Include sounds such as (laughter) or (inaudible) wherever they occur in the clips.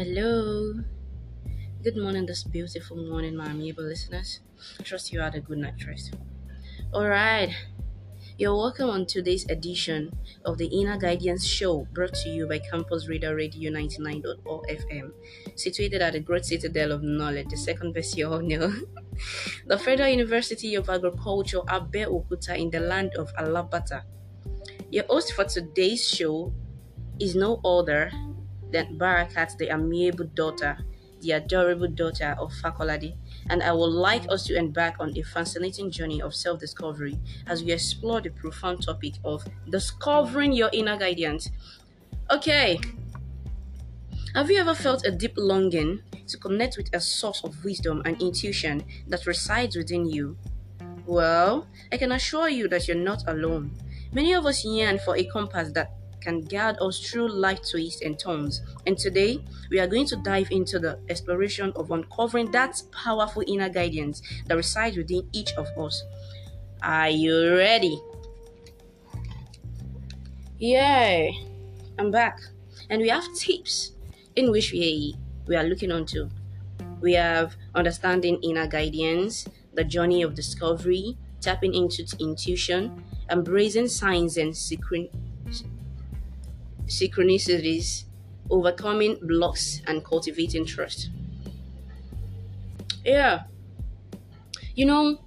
Hello. Good morning, this beautiful morning, my amiable listeners. Trust you had a good night rest. Alright, you're welcome on today's edition of the Inner Guidance Show brought to you by Campus Radar Radio 99.0 FM, situated at the Great Citadel of Knowledge, the second best you all know. the Federal University of Agriculture, Abeokuta, in the land of Alabata. Your host for today's show is no other that Barakat, the amiable daughter, the adorable daughter of Fakolade, and I would like us to embark on a fascinating journey of self discovery as we explore the profound topic of discovering your inner guidance. Okay, have you ever felt a deep longing to connect with a source of wisdom and intuition that resides within you? Well, I can assure you that you're not alone. Many of us yearn for a compass that can guide us through life twists and turns. And today, we are going to dive into the exploration of uncovering that powerful inner guidance that resides within each of us. Are you ready? Yay! I'm back, and we have tips in which we we are looking onto. We have understanding inner guidance, the journey of discovery, tapping into intuition, embracing signs and secret synchronicities, overcoming blocks, and cultivating trust. Yeah. You know,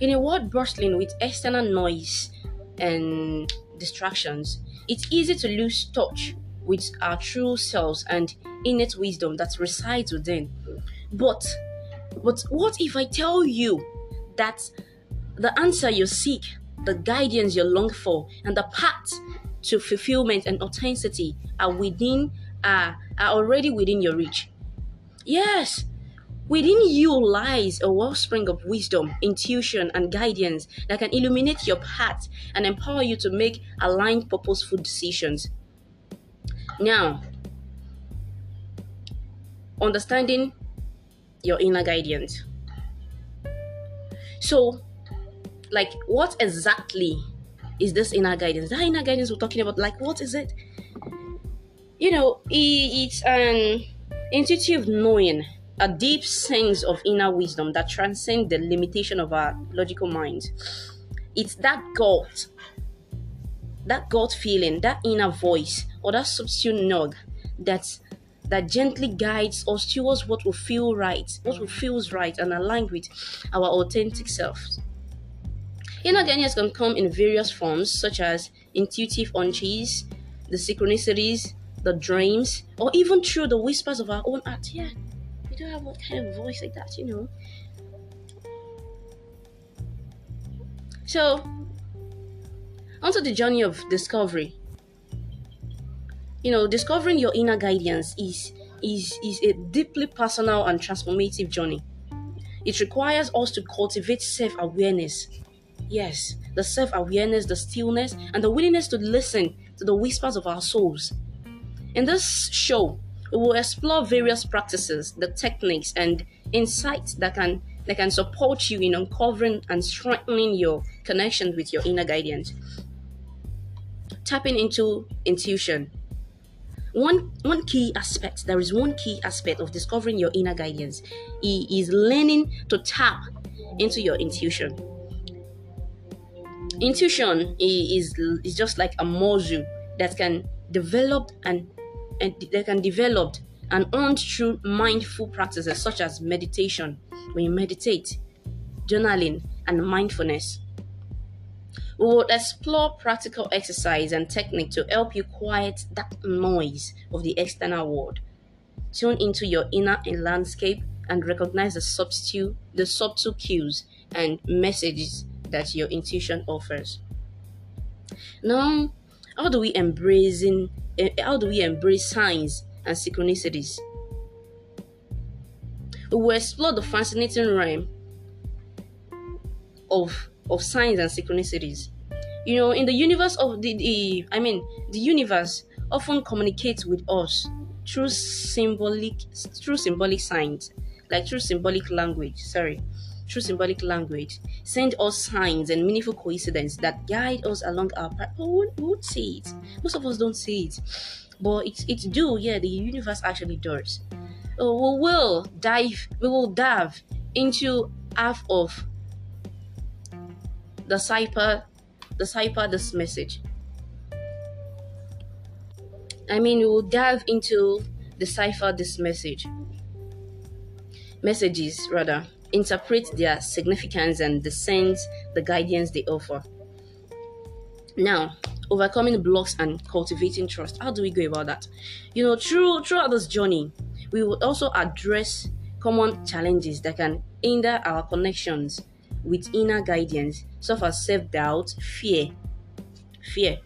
in a world bustling with external noise and distractions, it's easy to lose touch with our true selves and innate wisdom that resides within. But but what if I tell you that the answer you seek, the guidance you long for, and the path to fulfillment and authenticity are within are, are already within your reach. Yes, Within you lies a wellspring of wisdom, intuition, and guidance that can illuminate your path and empower you to make aligned, purposeful decisions. Now, understanding your inner guidance. So, like, what exactly is this inner guidance? That inner guidance we're talking about, like, what is it? You know, it's an intuitive knowing, a deep sense of inner wisdom that transcends the limitation of our logical mind. It's that gut, that gut feeling, that inner voice, or that subtle nudge that that gently guides or steers what will feel right, what will feels right, and align with our authentic selves. Inner guidance can come in various forms, such as intuitive hunches, the synchronicities, the dreams, or even through the whispers of our own heart. Yeah, we do not have what kind of voice like that, you know. So, onto the journey of discovery. You know, discovering your inner guidance is is is a deeply personal and transformative journey. It requires us to cultivate self-awareness Yes, the self awareness, the stillness, and the willingness to listen to the whispers of our souls. In this show, we will explore various practices, the techniques, and insights that can that can support you in uncovering and strengthening your connection with your inner guidance. Tapping into intuition. One one key aspect, there is one key aspect of discovering your inner guidance. is learning to tap into your intuition. Intuition is, is just like a muscle that can develop and, and that can develop and earned through mindful practices such as meditation, when you meditate, journaling, and mindfulness. We will explore practical exercise and technique to help you quiet that noise of the external world. Tune into your inner landscape and recognize the subtle, the subtle cues and messages that your intuition offers. Now, how do we embracing eh, how do we embrace signs and synchronicities? We will explore the fascinating realm of of signs and synchronicities. You know, in the universe of the, the I mean, the universe often communicates with us through symbolic through symbolic signs, like through symbolic language. Sorry through symbolic language send us signs and meaningful coincidences that guide us along our path. Oh, who would see it? Most of us don't see it, but it's it's do. Yeah, the universe actually does. Oh, we will dive. We will dive into half of the cipher, the cipher this message. I mean, we will dive into the cipher. this message messages rather interpret their significance and discern the guidance they offer. Now, overcoming blocks and cultivating trust. How do we go about that? You know, through throughout this journey, we will also address common challenges that can hinder our connections with inner guidance, such as self-doubt, fear, fear,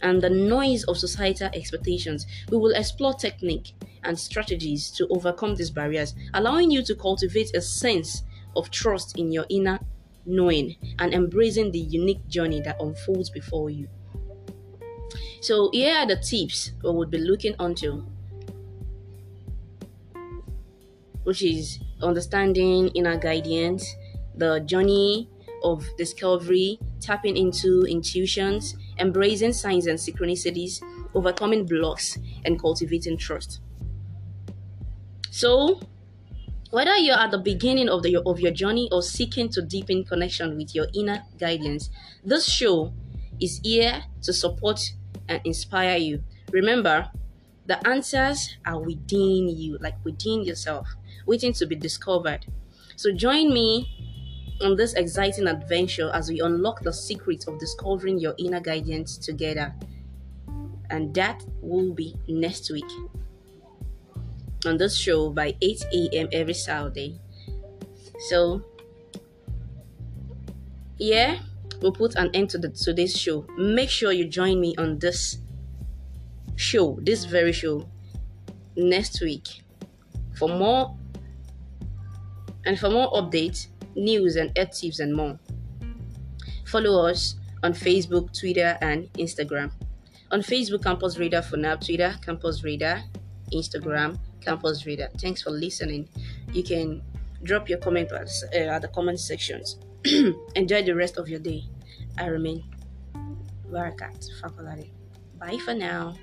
and the noise of societal expectations. We will explore technique and strategies to overcome these barriers, allowing you to cultivate a sense of trust in your inner knowing and embracing the unique journey that unfolds before you. So, here are the tips we would be looking onto, which is understanding inner guidance, the journey of discovery, tapping into intuitions, embracing signs and synchronicities, overcoming blocks, and cultivating trust. So, whether you're at the beginning of, the, of your journey or seeking to deepen connection with your inner guidance, this show is here to support and inspire you. Remember, the answers are within you, like within yourself, waiting to be discovered. So join me on this exciting adventure as we unlock the secrets of discovering your inner guidance together. And that will be next week on this show by 8 a.m. every Saturday. So, yeah, we'll put an end to the, today's show. Make sure you join me on this show, this very show, next week for more and for more updates, news, and health tips and more. Follow us on Facebook, Twitter, and Instagram. On Facebook, Campus Radar for now, Twitter, Campus Radar, Instagram, Campus Reader. Thanks for listening. You can drop your comments at, uh, at the comment sections. (clears throat) Enjoy the rest of your day. I remain Varakat Fakolade. Bye for now.